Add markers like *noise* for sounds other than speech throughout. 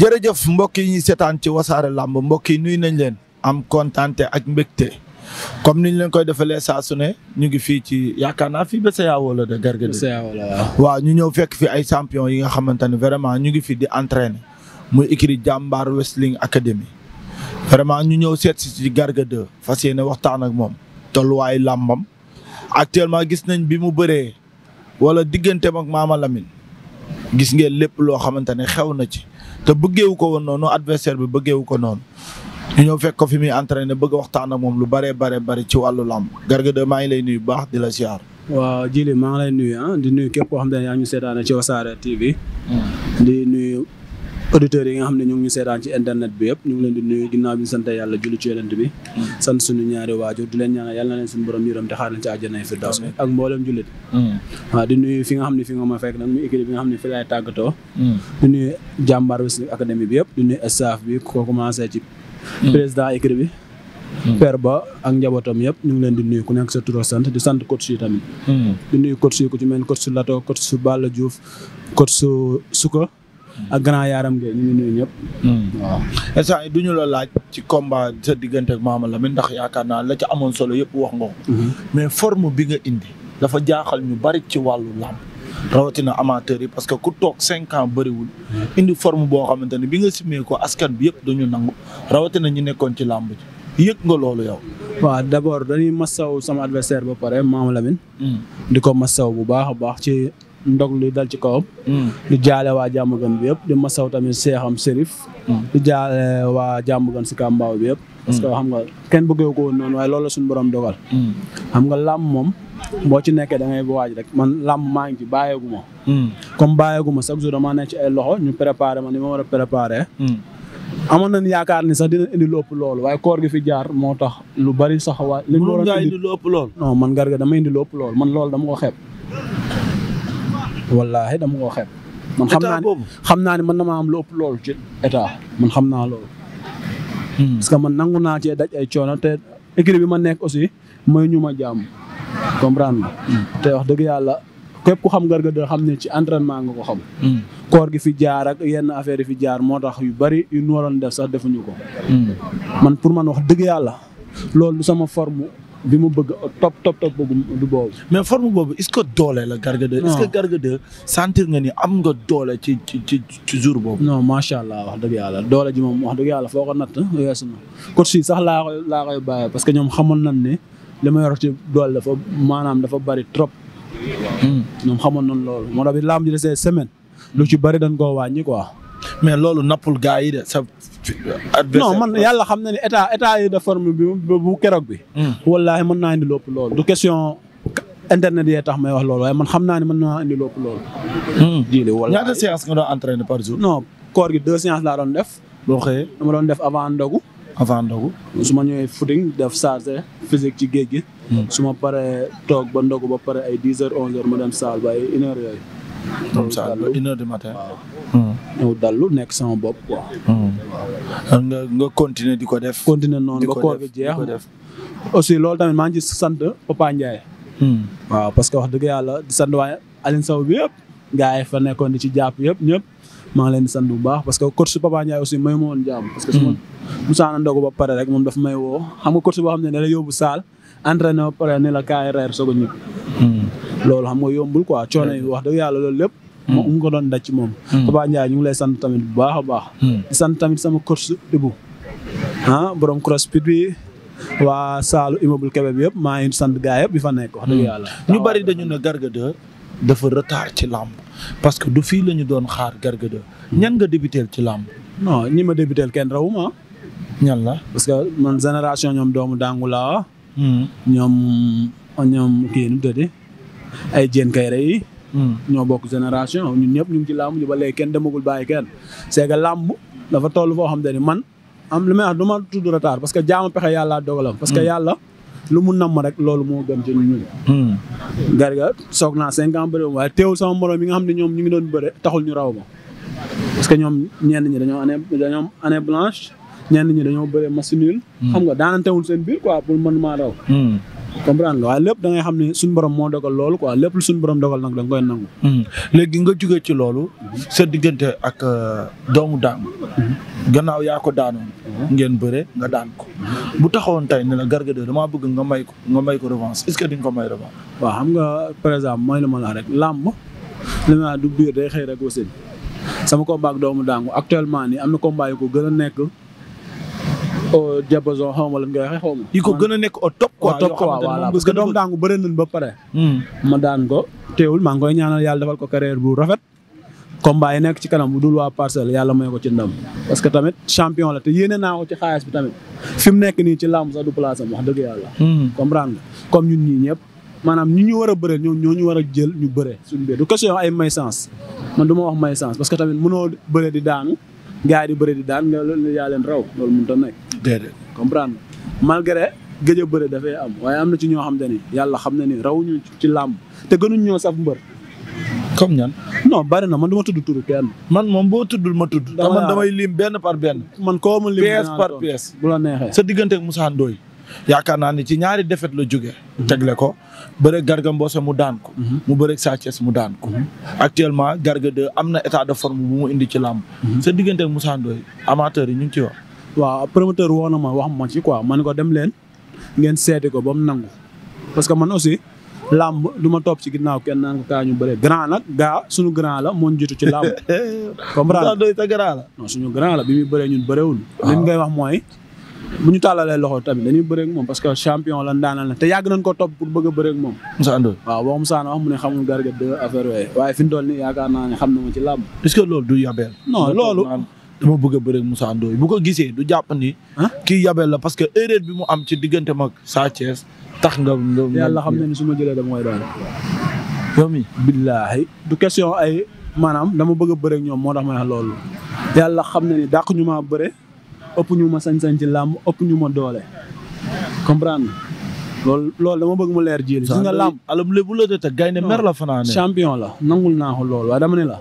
jërëjëf mbokk yi ñuy seetaan ci wasaare làmb mbokk yi nuyu nañ leen am kontaante ak mbégte comme niñ leen koy defalee saa su ne ñu ngi fii ci yaakaar naa fii BCEAO la de Garga de waaw ñu ñëw fekk fi ay champion yi nga xamante ne vraiment ñu ngi fi di entraîner muy écurie Jàmbaar Wrestling Academy vraiment ñu ñëw seet si ci Garga 2 fas yéene waxtaan ak moom tolluwaayu làmbam actuellement gis nañ bi mu bëree wala digganteem ak Maama Lamine gis ngeen lépp loo xamante ne xew na ci te bëggeewu ko woon noonu adversaire bi bëggeewu ko noonu ñu ñëw fekk ko fi muy entraîné bëgg waxtaan ak moom lu bare bare bari ci wàllu làmb Garga 2 maa ngi lay nuy bu baax di la siyaar waaw jili maa ngi lay nuyu ah di nuyu képp wax xam ne yaa ñu seetaane ci Wassare TV hmm. di nuyu auditeurs yi nga xam ne ñu ngi ñu seetaan ci internet bi yëpp ñu ngi leen di nuyu ginnaaw bi ñu yàlla julli ci yonent bi sant suñu ñaari waajur di leen ñaanal yàlla na suñu borom yërëm te xaaral ci àjjana firdaws ak mboolem jullit mm. waaw di nuyu fi nga xam ne fi nga ma fekk nag mu équipe bi nga xam ne fi laay tàggatoo mm. di nuyu jàmbaar Wrestling Academy bi yëpp di nuyu staff bi ko commencé ci mm. président équipe bi père ba ak njabootam yëpp ñu ngi leen di nuyu ku nekk sa turo sant di sant coach yi tamit di ak grand yaaram Gueye ñu ngi nuyu ñëpp. Hmm. du ñu la laaj ci combat sa diggante ak Mama Lamine ndax yaakaar naa la ci amoon solo yëpp wax nga hmm. mais forme bi nga indi dafa jaaxal ñu bari ci wàllu làmb. rawatina amateur yi parce que ku toog cinq ans bëriwul. Hmm. indi forme boo xamante ne bi nga simee ko askan bi yëpp dañu nangu rawatina ñu nekkoon ci làmb ji yëg nga loolu yow. waaw d' abord dañuy masaw sama adversaire ba pare Mama Lamine. di ko masaw bu baax a ndog li dal ci kawam. Hmm. di jaale waa Diamaguène bi yëpp di masaw tamit seexam Serif. Hmm. di jaale waa Diamaguène si kàmbaaw bi yëpp. Hmm. parce que xam nga kenn buggee ko woon noonu waaye loolu la suñu borom dogal. xam nga làmb moom boo ci nekkee dangay ngay waaj rek man làmb maa ngi ci bàyyeegu ma. comme bàyyeegu ma chaque jour damaa nekk ci ay loxo ñu préparé ma ni ma war a préparé. amoon nañu yaakaar ni sax dina indi lu ëpp loolu waaye koor gi fi jaar moo tax lu bari sax waaye. li mu a indi lu ëpp man Garga dama indi lu ëpp loolu man loolu dama ko xeeb. wallaahi dama koo xeeb. man xam naa ne xam naa ne man damaa am lu ëpp loolu ci état man xam naa loolu. Hmm. parce que man nangu naa cee daj ay coono te écurie bi ma nekk aussi mooy ñu ma jàmm comprendre hmm. te wax dëgg yàlla képp ku xam Garga da xam ne ci entraînement nga ko xam. Hmm. koor gi fi jaar ak yenn affaire yi fi jaar moo tax yu bari yu ñu waroon def sax defuñu ko. man pour man wax dëgg yàlla loolu sama forme bi mu bëgg top top top boobu du boobu. mais forme boobu est-ce que doole la Garga 2. est-ce nga ni am nga doole ci ci ci ci jour boobu. non macha allah wax dëgg yàlla doole ji moom wax dëgg yàlla foo ko natt weesu na. coach yi sax laa koy laa koy parce que ñoom xamoon nañ ne li ma yor ci doole dafa maanaam dafa bari trop. Hmm. ñoom xamoon nañ loolu moo tax bi lamb ji desee semaine. lu ci bari dan koo wàññi quoi. mais loolu nappul gaa yi de non man yàlla xam na ne état état yi de forme bi bu keroog bi. Hmm. wallaahi mën naa indi lépp loolu. du question internet yee tax may wax loolu waaye man xam naa ne mën naa indi lépp loolu. diile hmm. wallaahi ñaata séance nga doon entraîné par jour. non koor gi deux séances laa doon def. boo xëyee dama doon def avant ndogu. avant ndogu. su ma ñëwee footing def chargé physique ci géej gi. Hmm. su ma paree toog ba ndogu ba pare ay dix heures onze heures ma dem saal ba ay une yooyu. comme ça ba une heure du matin. ñëw dallu nekk hmm. nga nga di ko def. continuer noonu ba koor gi aussi loolu tamit maa ngi sant Papa hmm. waaw parce que wax dëgg yàlla di sant waa Alioune Sow bi yëpp. gars yi fa nekkoon di ci jàpp yëpp ñëpp. maa ngi leen di sant bu baax parce que coach Papa Ndiaye aussi may ma woon jàmm. parce que su hmm. ba pare rek moom daf may woo xam nga coach boo xam ne da lay yóbbu saal entraîné ba pare ne la reer soog a ñëw. loolu xam nga yombul quoi coono yi wax dëgg yàlla loolu lépp hmm. mu doon daj ci moom hmm. Papa Ndiaye ñu ngi lay sant tamit bu baax baax hmm. di sant tamit sama coach Ibou ah borom crossfit bi waa saalu immeuble Kébé bi yëpp maa ngi sant gaa yëpp yi fa nekk wax dëgg yàlla ñu bari dañu ne Garga 2 dafa retard ci làmb parce que du fii lañu doon xaar Garga ñanga ñan nga débutéel ci làmb non ñi ma débutéel kenn ma ñan la parce que man génération ñoom doomu dàngu laa ñoom ñoom kii nu mu tëddee ay Diène Kaïré yi. Hmm. ñoo bokk génération ñu ñëpp ñu ngi ci làmb ñu ba léegi kenn demagul bàyyi kenn. c'est que làmb dafa toll foo xam te man am lu may wax du ma tudd retard parce que jaamu pexe yàlla dogalam. parce que hmm. yàlla lu mu namm rek loolu moo gën ci ñun. Hmm. Garga soog naa cinq ans bëri waaye teewul sama morom yi nga xam ne ñoom ñu ngi doon bëre taxul ñu raw ma. parce que ñoom ñenn ñi dañoo année dañoo am année blanche ñenn ñi dañoo bëre machine nul. xam nga daanantewul seen biir quoi pour man maa raw. comprendre nga waaye lépp da ngay xam ne suñu borom moo dogal loolu quoi lépp lu suñu borom dogal nag da nga koy nangu. Hmm. léegi nga jógee ci loolu. sa diggante ak euh, doomu daam. gannaaw yaa ko daanoon. ngeen bëre nga daan ko. bu taxawoon tey ne la Garga damaa bëgg nga may ko nga may ko revanche est-ce que di ko may revanche. waaw xam nga par exemple mooy la ma la rek làmb li ma du biir day xëy rek aussi sama combat ak doomu daangu actuellement nii am na combat yu ko gën a nekk. au diapason xaw ma lan ngay waxee xaw ma. yi ko gën a nekk au top. quoi top quoi voilà parce que doom daangu bëri nañ ba pare. Hmm. ma daan ko teewul maa ngi koy ñaanal yàlla defal ko carrière bu rafet. combat yi nekk ci kanam bu dul waa parcelle yàlla may ko ci ndam parce que tamit champion la te yéene naa ci xaalis bi tamit fi mu nekk nii ci làmb sax du place am wax dëgg yàlla. Hmm. comprendre nga comme ñun ñii ñëpp. maanaam ñi ñu war a ñoo ñu war a jël ñu bëre du question ay may sens man du gars yi bëri di daan nga loolu yaa leen raw loolu mënut a nekk. déedéet comprendre malgré gëj a bëri dafay am waaye am na ci ñoo xam te ni yàlla xam na ni ñu ci làmb te gënuñ ñoo saf mbër. comme ñan. non bari na man du ma tudd turu man moom boo tuddul ma tudd. te man damay lim benn par benn. man koo ma lim pièce par pièce. bu la neexee sa diggante ak Moussa Ndoye yaakaar naa ni ci ñaari défaite la jóge tegle ko bëreeg Garga Mbossé mu daan ko. Mhm. mu bëreeg Sa Thiès mu daan ko. Mhm. actuellement Garga 2 am na état de forme bu mu indi ci làmb. Mhm. sa diggante ak Moussa Ndoye amateur yi ñu ngi ci wax. waaw promoteur woo na ma wax ma ci quoi man ko demleen ngeen seeti ko ba mu nangu parce que man aussi. làmb du ma topp ci ginnaaw kenn naan kaa ñu bëree grand nag gaa suñu grand la moo ñu jiitu ci làmb *laughs* comprendre doy ta grand la suñu grand la bi muy bëree ñun bëreewul ah. li ngay wax mooy bu ñu tàllalee loxo tamit dañuy bëre ak moom parce que champion lan daanal na te yàgg nañ ko topp pour bëgg a bëre ak moom. Moussa Ndoye waaw wax Moussa na wax mu ne xamul Garga de affaire waaye fi mu toll nii ne xam ci làmb. est que loolu du yabeel. non loolu dama bëgg a bëre ak bu ko gisee du jàpp ni. kii yabeel la parce que erreur bi mu am ci diggante mag Sa Thiès tax nga. yàlla xam ne ni su ma jëlee dama koy daal. yow mi billaahi du question ay maanaam dama bëgg a bëre ñoom moo tax ma ne loolu yàlla xam ne ni ñu maa bëre ëpp ñu ma sañ-sañ ci làmb ëpp ñu ma doole comprend lool lool dama bëgg mu leer jili si nga làmb alam lébu la te gaynde mer la fanaane champion la nangul naa ko loolu waaye dama ne la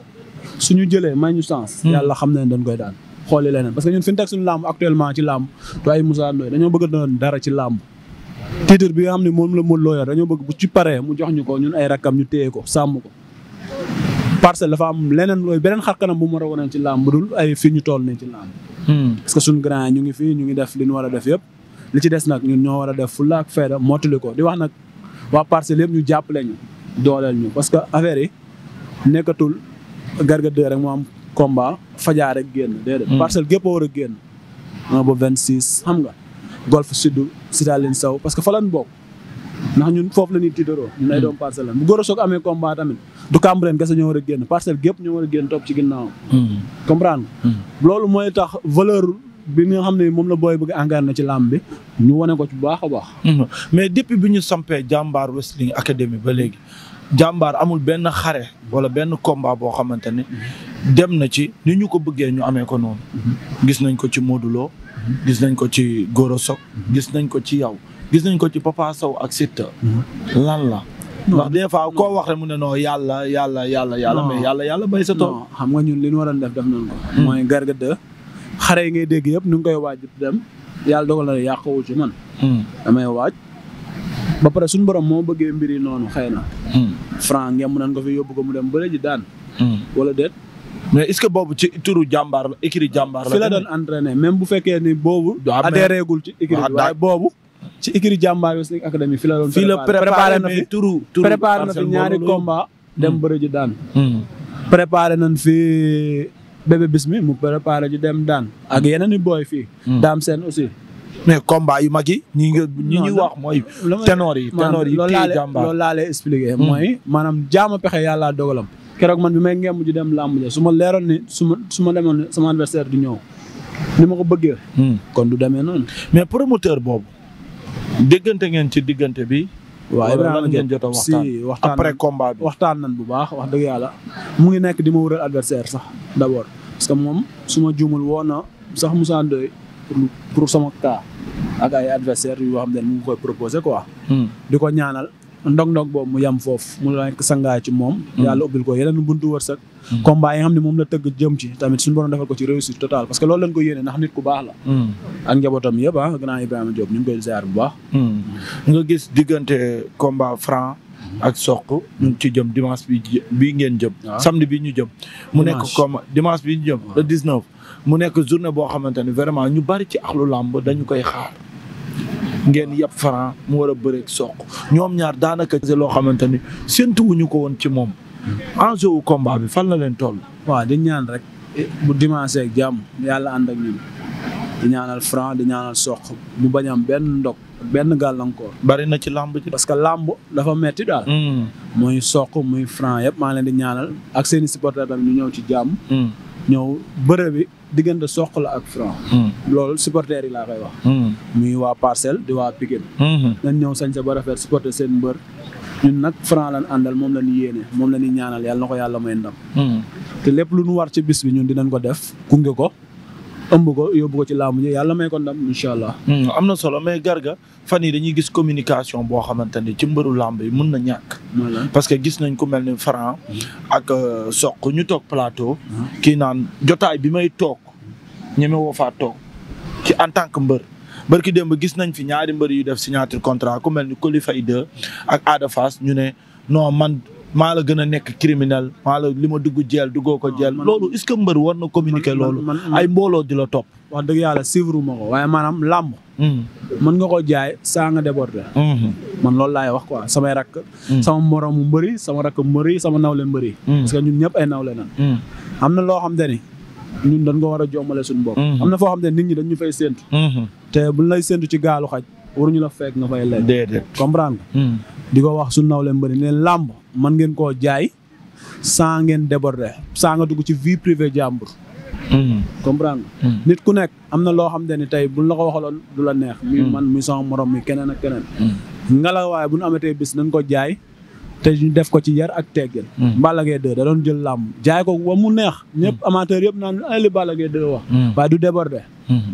su ñu jëlee may ñu chance hmm. yàlla xam na ne dañ koy daan xooli leneen parce que ñun fi ñu teg suñu làmb actuellement ci làmb waaye Moussa Ndoye dañoo bëgg ci làmb titre bi nga xam ne moom la Modou Lo yor dañoo bëgg bu ci paree mu jox ñu ko ñun ay rakkam ñu téye ko sàmm ko parcelle dafa am leneen looy beneen xar kanam bu mu war a woneen ci làmb dul ay fi ñu toll nii ci làmb Hmm. parce que suñu grand ñu ngi fii ñu ngi def li ñu war a def yëpp li ci des nag ñun ñoo war a def fulla ak fayda mottali ko di wax nag waa parcel yëpp ñu jàppale ñu dooleel ñu parce que affaire yi nekkatul Garga 2 mu am combat Fadiar rek génn déedéet hmm. Parcelles gépp war a génn un ba vingt six xam nga Golf Sud Sitalin Saw parce que fa lañ bokk ndax ñun foofu la ñuy tiitaroo ñun ay doom Parcelles la bu Gora Sock amee combat tamit du Cambérène kese ñoo war a génn parcelle gépp ñoo war a génn topp ci ginnaaw hmm. comprendre hmm. loolu mooy tax valeur bi nga xam ne moom la booy bëgg engagé na ci làmb bi ñu wane ko ci bu baax a baax hmm. mais depuis bi ñu sampee jàmbaar wrestling academy ba léegi jàmbaar amul benn xare wala benn combat boo xamante ne dem na ci ni ñu ko bëggee ñu amee ko noonu gis nañ ko ci Modou gis nañ ko ci Goro Sock gis nañ ko ci yow gis nañ ko ci Papa Sow ak Siteu lan la ndax des fois koo wax rek mu ne non yàlla yàlla yàlla yàlla mais yàlla yàlla bay sa tool xam nga ñun li ñu waroon def def nañ ko hmm. mooy garga de xare yi ngay dégg yëpp nu ngi koy waaj dem yàlla dogal na yàqawul ci man hmm. damay waaj ba pare suñu borom moo bëggee mbir yi noonu xëy na hmm. franc ngeen nan ko fi yóbbu ko mu dem bële ji daan wala déet mais est-ce que boobu ci turu jàmbaar la écrit jàmbaar la fi la doon entraîné même bu fekkee ni boobu ah, adhéré gul ci écrit waaye boobu ci écurie jàmbaar Wrestling Academy fi la doon. fii la préparé na fi turu turu préparé na fi ñaari combat hmm. dem bëre ji daan. Hmm. préparé nañ fi bébé bismi mu préparé ji dem daan. ak yeneen i booy fii. Hmm. daam seen aussi. mais combat yu mag yi ñi nga ñi ñuy wax mooy. ténor yi ténor yi téye jàmbaar loolu laa lay expliqué. mooy maanaam jaama pexe yàlla dogalam. keroog man bi may ngeen mujj dem làmb ja su ma leeroon ni su ma su ma demoon sama adversaire du ñëw. ni ma ko bëggee. kon du demee noonu. mais promoteur boobu. déggante ngeen ci diggante bi. waaw Ibrahima Diop si waxtaan après combat bi waxtaan nan bu baax wax dëgg yàlla. mu ngi nekk di ma wural adversaire sax d' abord parce que moom suma ma juumul woo na sax Moussa Ndoye pour sama cas ak ay adversaire yoo xam ne mu ngi koy proposé quoi. Hmm. di ko ñaanal. ndog-ndog boobu mu yem foofu mu nekk sangaay ci moom mm. yàlla ubbil ko yeneen buntu wërsëg mm. combat yi nga xam ne moom la tëgg jëm ci tamit suñu borom defal ko ci réussite totale parce que loolu lañ ko yéene ndax nit ku baax la mm. ak njabootam yëpp ah grand Ibrahima Diop ñu nga gis diggante combat franc ak soq ñu ngi ci jëm dimanche bi bii ngeen jëm ah. samedi bi ñu jëm mu nekk combat dimanche bi ñu jëm le 19 ah. mu nekk journée boo xamante ne vraiment ñu bari ci axlu làmb dañu koy xaar ngeen yab Franc mu war a bëreeg Sokh ñoom ñaar daanaka ci loo xamante ni séntuwuñu ko woon ci moom enjeu wu combat bi fan la leen toll. waaw di ñaan rek eh, bu dimanche ak jàmm yàlla ànd ak di ñaanal Franc di ñaanal Sokh mu bañ am benn ndog benn gàllankoor. bari na ci làmb parce que làmb dafa metti daal. Hmm. muy Sokh muy Franc yëpp maa leen di ñaanal ak seen i supporters tamit ñëw ci jàmm. Hmm. ñëw bëre bi diggante soq la ak franc. Hmm. loolu supporters yi laa koy wax. Hmm. muy waa parcelle di waa Pikine. Hmm. nañ ñëw sañ sa ba rafet supporter seen mbër. ñun nag franc lañ àndal moom la yéene moom la ñaanal yàlla na ko yàlla may ndam. te lépp lu ñu war ci bis bi ñun dinañ ko def gunge ko. ëmb ko yóbbu ko ci làmb ji yàlla may ko ndam incha allah. Hmm, am na solo mais Garga fan yi dañuy gis communication boo xamante ci mbëru làmb yi mun na ñàkk. parce que gis nañ ku mel ni Franc hmm. ak euh, Sokh ñu toog plateau. Hmm. ki naan jotaay bi may toog ñeme woo faa toog ci en tant que mbër. barki démb gis nañ fi ñaari mbër yu def signature contrat ku mel ni Coly fa 2 ak Ada Fass ñu ne non man maa la gën a nekk criminel maa la li ma dugg jeel duggoo ko ah, jeel loolu est-ce que mbër war na communiquer loolu ay mbooloo di la topp wax dëgg yàlla suivre ma ko waaye maanaam làmb hmm. mën nga ko jaay saa nga déborder hmm. man loolu laay wax quoi samay rakk hmm. sama moromu mbëri sama rakk mbëri sama nawle mbëri parce que ñun ñëpp ay nawle nan am na loo xam te ni ñun dañ ko war a jommale suñu bopp am na foo xam te nit ñi dañu fay séentu te buñ lay séentu ci gaalu xaj waruñu la man ngeen ko jaay sans ngeen déborder sans dugg ci vie privée jàmbur. Hmm. comprendre hmm. nit ku nekk am na loo xam te ni tey buñ la ko waxaloon du la neex. muy hmm. man muy sama morom mi keneen a keneen. ngelaw waaye bu ñu amatee bis nañ ko jaay. te ñu def ko ci yar ak teggin hmm. Balla Gaye 2 da jël làmb jaay ko wa mu neex ñëpp hmm. amateur yëpp naan ay li Balla Gaye 2 wax hmm. waaye du déborder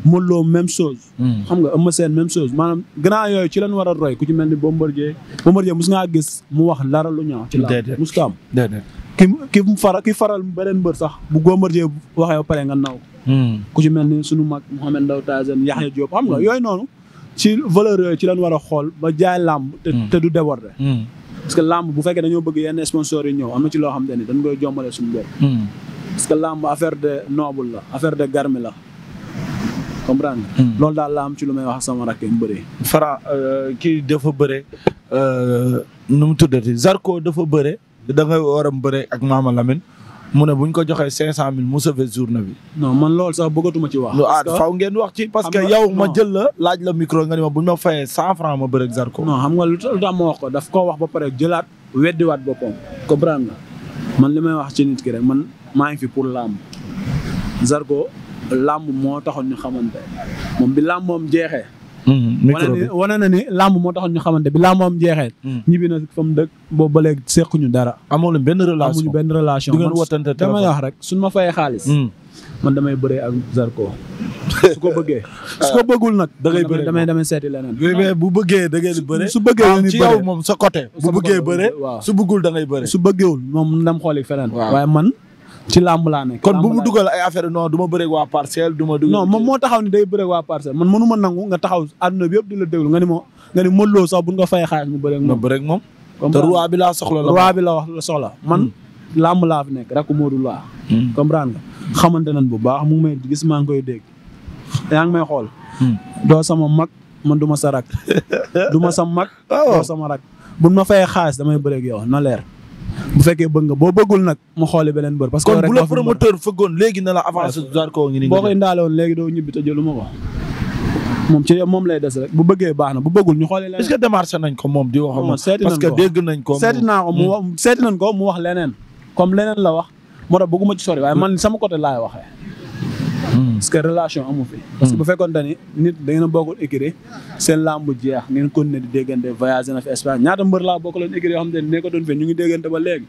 Modou Lo même sos xam nga Eumeu Sène même chose maanaam grand yooyu ci lañ war a roy ku ci mel ni Bombardier Bombardier mus ngaa gis mu wax dara lu ñaaw ci làmb mus ko am ki ki mu faral ki faral beneen mbër sax bu Bombardier waxee ba nga naw ku ci mel ni sunu mag Mouhamed Ndaw Tyson Yaxya Diop xam nga yooyu noonu ci valeur yooyu ci lañ war a xool ba jaay làmb te du déborder parce que làmb bu fekkee dañoo bëgg yenn sponsors yi ñëw am na ci loo xam te ni dañ koy jombale suñu hmm. parce que làmb affaire de noble la affaire de garmi la. comprendre nga. Hmm. loolu daal la ci lu may wax sama rakk yi mu bëree. Franc euh, kii dafa bëre euh, nu mu tuddati Zarko dafa bëre da ngay war bëre ak Mama Lamine. mu ne buñ ko joxee cinq cent mille mu sauver bi. non man loolu sax bëggatuma ci wax. parce ah, que faw ngeen wax ci parce que yow ma jël la laaj la micro nga ni ma bu ñu ma fayee cent franc ma bëreeg Zarko. non xam nga lu tax ma wax ko daf ko wax ba pare jëlaat weddiwaat boppam. comprendre nga man li may wax ci nit ki rek man maa ngi fi pour làmb. ko làmb moo taxoon ñu xamante moom bi làmb moom jeexee. Mm-hmm. micro bi wane na ni làmb moo taxoon ñu xamante bi làmb am jeexeet. Mm. ñibbi na fa mu dëkk boobu ba léegi sequñu dara. amoo leen benn relation amuñu benn relation. di ngeen wotante wax rek suñ ma fayee xaalis. Mm. man damay bëree ak Zarko. *laughs* su ko bëggee su ko bëggul nag. da ngay bëree damay damay seeti leneen. mais bu bëggee da ngay di bëree. su bëggee da ci yow moom sa côté. bu bëggee bëree su bëggul da ngay su bëggeewul moom ndam xooli feneen. waaye man. ci làmb laa nekk. kon bu dugal ay affaire non du ma bëreeg waa parcelle du ma. moo taxaw ni day bëreeg waa parcelle man mënu ma nangu nga taxaw àdduna bi yëpp di la déglu nga ni ma nga ni Modou Lo sax bu ñu ko fayee xaalis mu bëreeg moom. bi laa soxla la. roi bi la wax la soxla. man hmm. làmb laa fi nekk rek Modou Lo. Hmm. comprendre nga xamante nañ bu baax mu ngi may gis maa koy dégg yaa ngi may xool. Hmm. doo sama mag man du ma sa rak *laughs* duma ma sa mag. Ah, doo sama rak buñ ma fayee xaalis damay bëreeg yow na leer bu fekkee bëgg nga boo bëggul nag mu xooli beneen bër. parce que kon bu la promoteur fëggoon léegi na la avancé. Zarko ngi nii boo ko indaale woon léegi doo ñibbi jëluma ko. moom ci moom lay des rek bu bëggee baax na bu bëggul ñu xoolee. leneen est-ce nañ ko moom di wax. moom seeti nañ ko ko. seeti naa ko mu hmm. wax ko mu wax leneen. comme leneen la wax moo tax bëgguma ci sori waaye man sama côté laay waxe parce que relation amu fi. parce que bu fekkonte ni nit da ngeen a bokkul écurie seen làmb jeex ngeen continuer di déggante voyagé na fi Espagne ñaata mbër laa bokkaloon écurie yoo xam ne ñu ngi déggante ba léegi.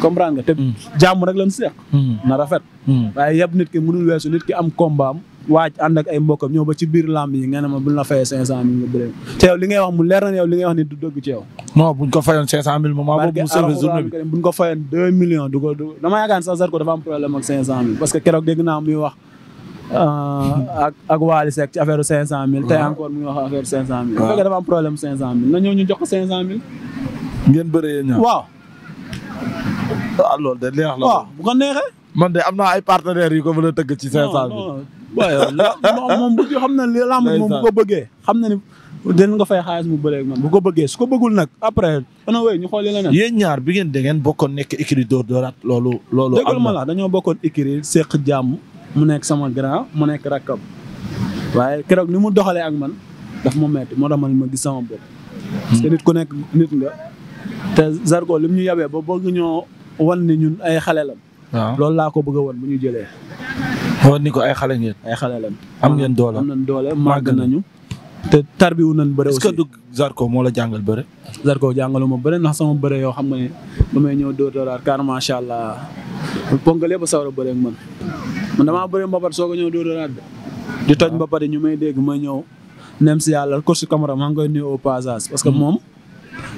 comprendre nga te hmm. jàmm rek la seq. Hmm. na rafet. Hmm. waaye yëpp nit ki mënul weesu nit ki am kombaam waaj ànd ay mbokkam ñëw ba ci biir làmb yi nga ne ma bu la fayee cinq cent mille nga bëree te yow li ngay wax mu leer na yow li ngay wax ni du dëgg ci yow non buñ ko fayoon cent mille moom maa boobu mu sauvé journée bi buñ ko dafa am problème cinq cent mille parce que keroog dégg naa muy wax euh, ak ak Waly Seck ci affaire cinq cent encore mu wax affaire cinq cinq cent mille na ñëw ñu cinq cent mille ngeen bëree ñaar waaw ah, loolu de neex la waaw bu ko ko mën waaye moom bu xam na li lamb moom bu ko bëggee xam na ni den nga fay xaalis mu bëree ak man bu ko bëggee su ko bëggul nag après ana way ñu xooli leneen yéen ñaar bi ngeen da ngeen bokkoon nekk écurie Dóor Dóoraat loolu loolu déggal ma la dañoo bokkoon écurie seq jàmm mu nekk sama grand mu nekk rakkam waaye keroog ni mu doxalee ak man daf ma metti moo tax man ma gis sama bopp te hmm. nit ku nekk nit nga te Zarko lim ñu yabee ba bëgg ñoo wan ni ñun ay xale lam loolu laa ko bëgg a wan bu ñu jëlee war ni ko ay xale ngeen. ay xale lañ am ngeen doole am nañ doole màgg nañu. te tarbiwu nañ bëre aussi est-ce que du Zarko moo la jàngal bëre. Zarko jàngaluma bëre ndax sama bëre yoo xam nga ne may ñëw dóor dóoraat car macha allah ponkal yëpp a sawar a bëre ak man man damaa bëre mbapat soog a ñëw dóor dóoraat de. di toj ah. ba yi ñu may dégg ma ñëw. nem si yàlla ko Camara maa ngi koy nuyu au passage parce que hmm. moom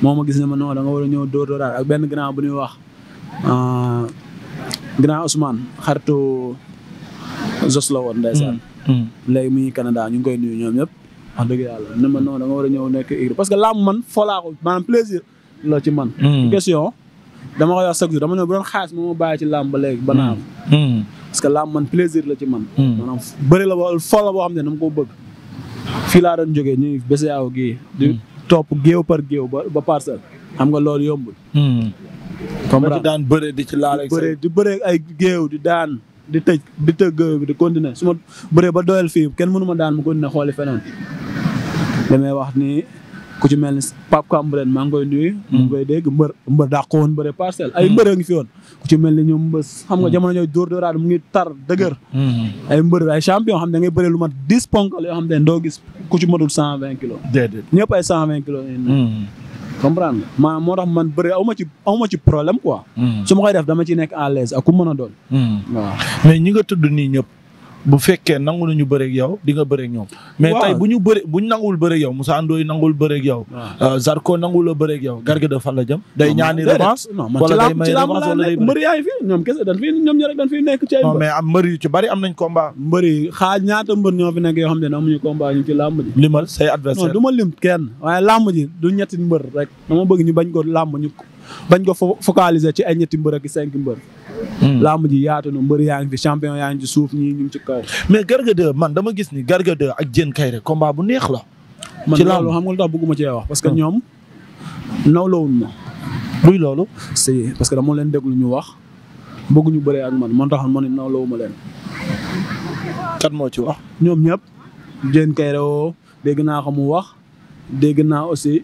moo ma gis ne ma non da nga war a ñëw dóor dóoraat ak benn grand bu ñuy wax ah, grand Ousmane jos la woon ndeysaan mm. Mm. léegi mu ngi Canada ñu ngi koy nuyu ñoom ñëpp wax dëgg yàlla ne ma non da nga war a ñëw nekk écurie parce que làmb man folaa ko maanaam plaisir la ci man mm. question dama koy wax chaque jour dama ñëw bu doon xaalis moo ma bàyyi ci làmb ba léegi banaa parce que làmb man plaisir la ci boo xam ne dama ko bëgg fii laa doon jógee ñu bés yaaw gii di topp géew par géew ba ba parcelle nga loolu yombul comme daan bëre di ci laal bëre di bëre di daan di tëj di tëgg bi di continuer su ma bëree ba doyal fi kenn mënu ma daan mu continuer xooli feneen damay wax ni ku ci mel ni Pape Cambérène maa ngi koy nuyu. mu ngi koy dégg mbër mbër daa woon mbëre parcelle. ay mbër ngi fi woon ku ci mel ni ñoom mbës. xam nga jamono yooyu dóor dóoraat mu ngi tar dëgër. ay mbër ay champion xam ne da ngay bëre lu mat dix ponk yoo xam ne doo gis ku ci matul cent vingt kilos. déedéet ñëpp ay cent vingt kilos. comprendre nga maanaam moo tax man bëri awma ci awma ci problème quoi. Hmm. su ma koy def ci nekk à l'aise ak ku mën a hmm. ñi nga tudd nii ñëpp. bu fekkee nangu nañu bëreek yow di nga bëreeg ñoom. mais tey bu ñu bëree bu ñu nanguwul bëreeg yow mu Ndoye nanguwul bëreeg yow. Ah. Euh, Zarko nanguwul bëreeg yow Garga de fan la jëm. day ñaani revanche day may revanche wala day mbër yaay ñoom kese dañ fi nekk ci ay mbër. mais mbër yu ci bari am nañ combat. mbër yi ñaata mbër ñoo fi nekk yoo xam ne amuñu combat ñu ci lamb ji. limal say adversaire non du ma lim kenn waaye làmb ji du ñetti mbër rek. dama bëgg ñu bañ ko làmb ñu bañ ko focaliser ci ay ñetti mbër ak cinq mbër Hmm. làmb ji yaatu na mbër yaa ngi fi champion yaa ngi ci suuf ñii ñu ci kaw. mais Garga man dama gis ni Garga 2 ak Diène Kaïré combat bu neex la. ci làmb man xam nga lu tax bëgguma cee wax parce que hmm. ñoom nawlawuñ ma. muy loolu. parce que dama leen déglu ñu wax bëgguñu bëree ak man man taxoon ma ne nawlawu ma leen. moo ci wax. ñoom ñëpp Diène Kaïré dégg naa ko mu wax dégg naa aussi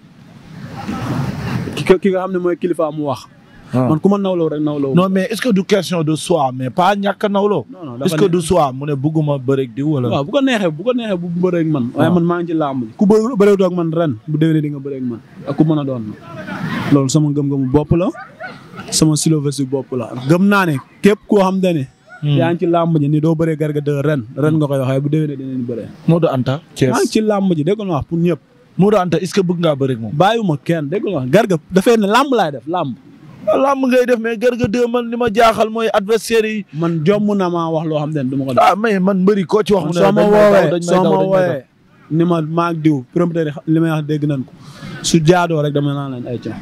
ki nga xam ne mooy kilifaa mu wax. Ah. man ku ma nawloo rek nawloo. non mais est ce que du question de soi mais pas ñàkk a nawloo. du soi mu ne bugguma bëreeg diw wala. waaw bu ko neexee bu ko neexee bu bëreeg man. waaye ah. man maa ngi ci làmb ku bë bëreeg doog man ren bu déwénee di nga bëreeg man ak ku mën a doon loolu sama ngëm-ngëmu bopp la sama philosophie bopp la gëm naa ne képp koo xam ne. Hmm. yaa ngi ci làmb ji ni doo bëree garga de ren ren nga koy waxee bu déwénee dinañ bëree. Modou Anta. Thiès maa ngi ci làmb ji dégg nga wax pour ñëpp. Modou Anta est-ce que bëgg ngaa bëri moom. bàyyiwuma kenn dégg nga wax garga dafay ne làmb laay def làmb. làmb ngay def mais Garga 2 ni ma jaaxal mooy adversaire yi. man jomm na maa wax loo xam ne du ma ko def. ah man mbëri koo ci wax. mu ne la dañ may daw soo ma woowee ni ma maag diw promoteur li ma wax dégg nañ ko su jaadoo rek dama naan leen ay ca.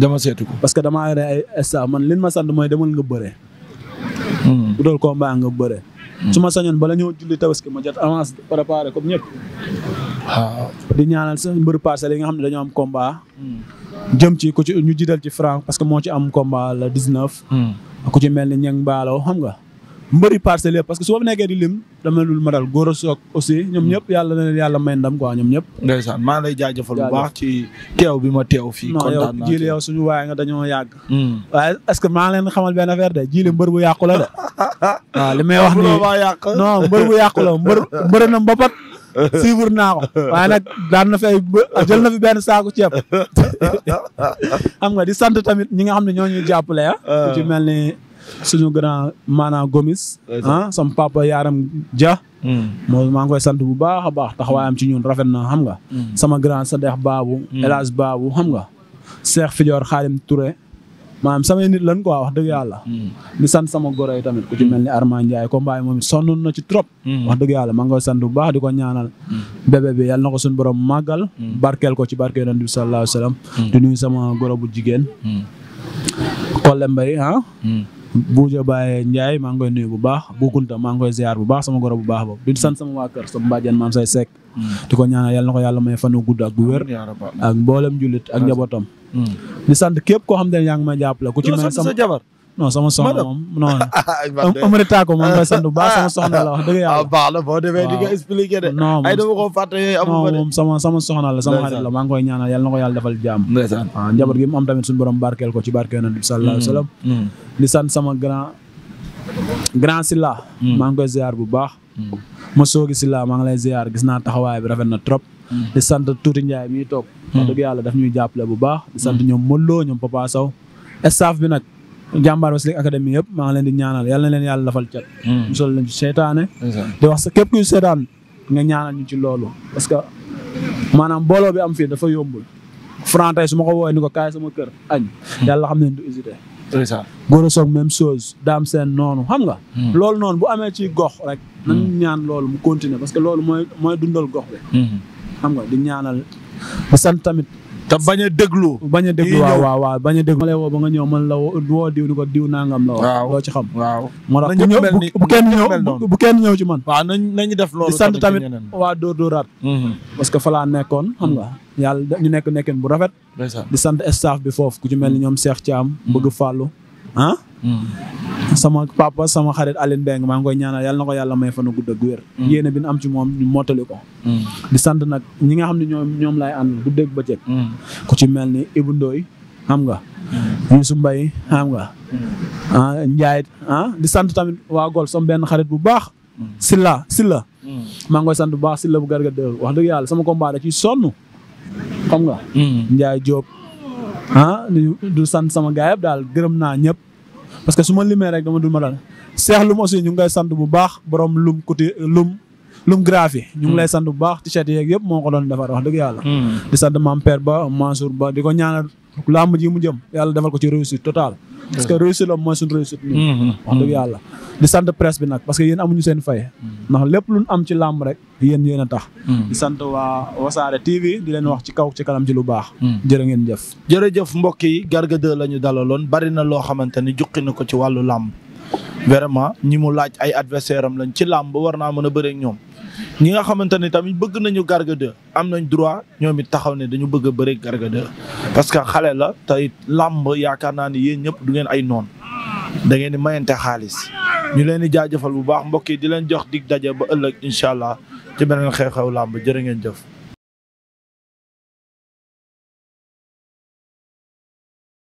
dama seetu ko parce que damaa yore ay staff man lin ma sant mooy demal nga bëre. Hmm. bu doon combat nga bëre. Hmm. su ma sañoon bala ñëw julli tabaski ma jot avance préparé ko ñëpp. waaw di ñaanal sa mbër parcelles yi nga xam ne dañoo am combat. Hmm. jëm ci ku ci ñu jiital ci Franc parce que moo ci am combat le 19. Hmm. ku ci mel ni Niang Mballo xam nga. mbëri parcelles parce que su ma nekkee di lim dama dul ma dal góor a soog aussi ñoom hmm. ñëpp yàlla na leen yàlla may ndam quoi ñoom ñëpp. ndeysaan maa lay jaajëfal bu baax ci teew bi ma teew fii. jiile yow suñu waaye nga dañoo yàgg. Hmm. waaye est ce que maa leen xamal benn affaire de jiile mbër bu yàqu la de. *laughs* waaw li may wax nii mbër bu yàqu non mbër bu suivre naa ko waaye nag daan na fi ay ah, jël na fi benn saaku ceeb *laughs* xam nga di sant tamit ñi nga xam ne ñoo ñuy jàppale ah, ah. mel ni suñu grand maanaam Gomis ah sam papa yaaram Dia hmm. moom maa ngi koy sant bu baax a baax taxawaayam ci ñun rafet na xam nga hmm. sama grand sa dex baabu hmm. El baabu xam nga Cheikh Fidior Khadim Touré maa maanaam samay nit lan quoi wax dëgg yàlla. Hmm. di sant sama goro yi tamit ku ci hmm. mel ni Arma ko combat moom sonnoon na ci trop. Hmm. wax dëgg yàlla maa ngi koy bu baax di ko ñaanal. bébé bi yàlla na ko suñu borom màggal. barkeel ko ci barkeel nabi sallallahu alayhi wa sallam. di nuyu sama goro bu jigéen. Kolle Mbaye ah. Bouja Baye Ndiaye maa ngi koy nuyu bu baax Bu Kunta maa ngi koy ziar bu baax sama goro bu baax boobu di sant sama waa kër sama bàjjen maam say sekk hmm. di ko ñaanal yàlla na ko yàlla may fanu gudd ak bu wér ak mboolem jullit ak njabootam hmm. di sant képp koo xam ne yaa ngi may jàppale sama non sama soxna moom non *laughs* ah, Amady Tako moom mooy sant bu baax la wax dëgg yàlla. Ah, baax na boo demee di nga expliqué sama sama la sama xarit la koy ñaanal yàlla na ko yàlla defal jàmm. ndeysaan waaw ah, njaboot gi mu am tamit suñu borom barkeel ko ci barkeel na sallallahu alayhi wa sallam. Mm, mm. di sant sama grand grand Silla. Mm. maa ngi koy ziar bu baax. ma soogi Silla maa ngi lay ziar gis naa taxawaay bi rafet na trop. sant Tuuti Njaay mi toog. wax dëgg yàlla daf ñuy jàppale bu baax. di sant ñoom Mollo ñoom Papa Sow bi nag jàmbaar Wrestling Academy yëpp maa ngi leen di ñaanal yal na leen yàlla lafal hmm. leen ci seetaane. di wax sa képp seetaan nga ñaanal ñu ci loolu. parce que maanaam booloo bi am fii dafa yombul. Franc tey su ko woowee ni ko kaay sama kër añ. Hmm. yàlla xam ne du hésité. góor a soog même chose daam seen noonu xam nga. Hmm. loolu noonu bu amee ci gox rek. na ñaan loolu mu continuer parce que loolu mooy mooy dundal gox bi. xam nga di ñaanal di sant tamit. te bañ a déglu. bañ a déglu waaw waaw bañ a déglu. ma lay ba nga ñëw man la woo diw ni ko diw nangam la. waaw loo ci xam. waaw moo tax ku ñëw bu kenn ñëw bu kenn ñëw ci man. waaw nañ nañu def loolu di sant tamit waa Dóor Dóoraat. Mhm. parce que fa nekkoon xam nga. Mhm. yàlla ñu nekk nekkeen bu rafet. di sant staff bi foofu ku ci mel ni ñoom Cheikh Thiam. Mhm. bëgg Fallou. ah. sama papa sama xarit Aline Beng maa ngi koy ñaanal yàlla ko yàlla may fana gudd ak wér. Hmm. yéene bi ñu am ci moom ñu mottali ko. Hmm. di sant nag ñi nga xam ne ñoom ñoom laay ànd bu dégg bëccëg. ku ci mel ni Ibou Ndoye xam nga. Youssou Mbaye xam nga. Ah, ah di sant tamit waa Gol sama benn xarit bu baax. Silla Silla. maa ngi koy sant bu baax Silla bu garga dëgg wax dëgg yàlla sama combat da ci sonn xam nga. Ndiaye Diop. ah du sant sama gaayab daal gërëm naa ñëpp parce que suma ma limee rek dama du ma dal seex lum aussi ñu ngi koy sant bu baax borom lum kuti lum lum graafi ñu ngi lay sant bu baax t-shirt yeeg yëpp moo ko doon defar wax dëgg yàlla hmm. di sant maam père ba Mansour ba di ko ñaanal làmb ji mu jëm yàlla defal ko ci réussir totale parce que hmm. réussite la mooy suñu réussite nii hmm. wax dëgg yàlla di sant presse bi nag parce que yéen amuñu seen fay. Mm. ndax lépp luñ am ci làmb rek yéen yéen a tax. Mm. di sant waa wasaare TV di leen wax ci kaw ci kanam ci lu baax. Mm. jërë ngeen jëf. jërëjëf mbokk yi Garga 2 la ñu dalaloon bari na loo xamante ni jukki na ko ci wàllu làmb. vraiment ñi mu laaj ay adversaire am lañ ci làmb war naa mën a bëre ñoom. ñi nga xamante ni tamit bëgg nañu Garga am nañ droit ñoom it taxaw ne dañu bëgg a bëre Garga parce que xale la tey làmb yaakaar naa ni yéen ñëpp du ngeen ay noon da ngeen di xaalis ñu leen di jaajëfal bu baax mbokk yi di leen jox dig daje ba ëllëg incha allah ci beneen xew-xew làmb jërë ngeen jëf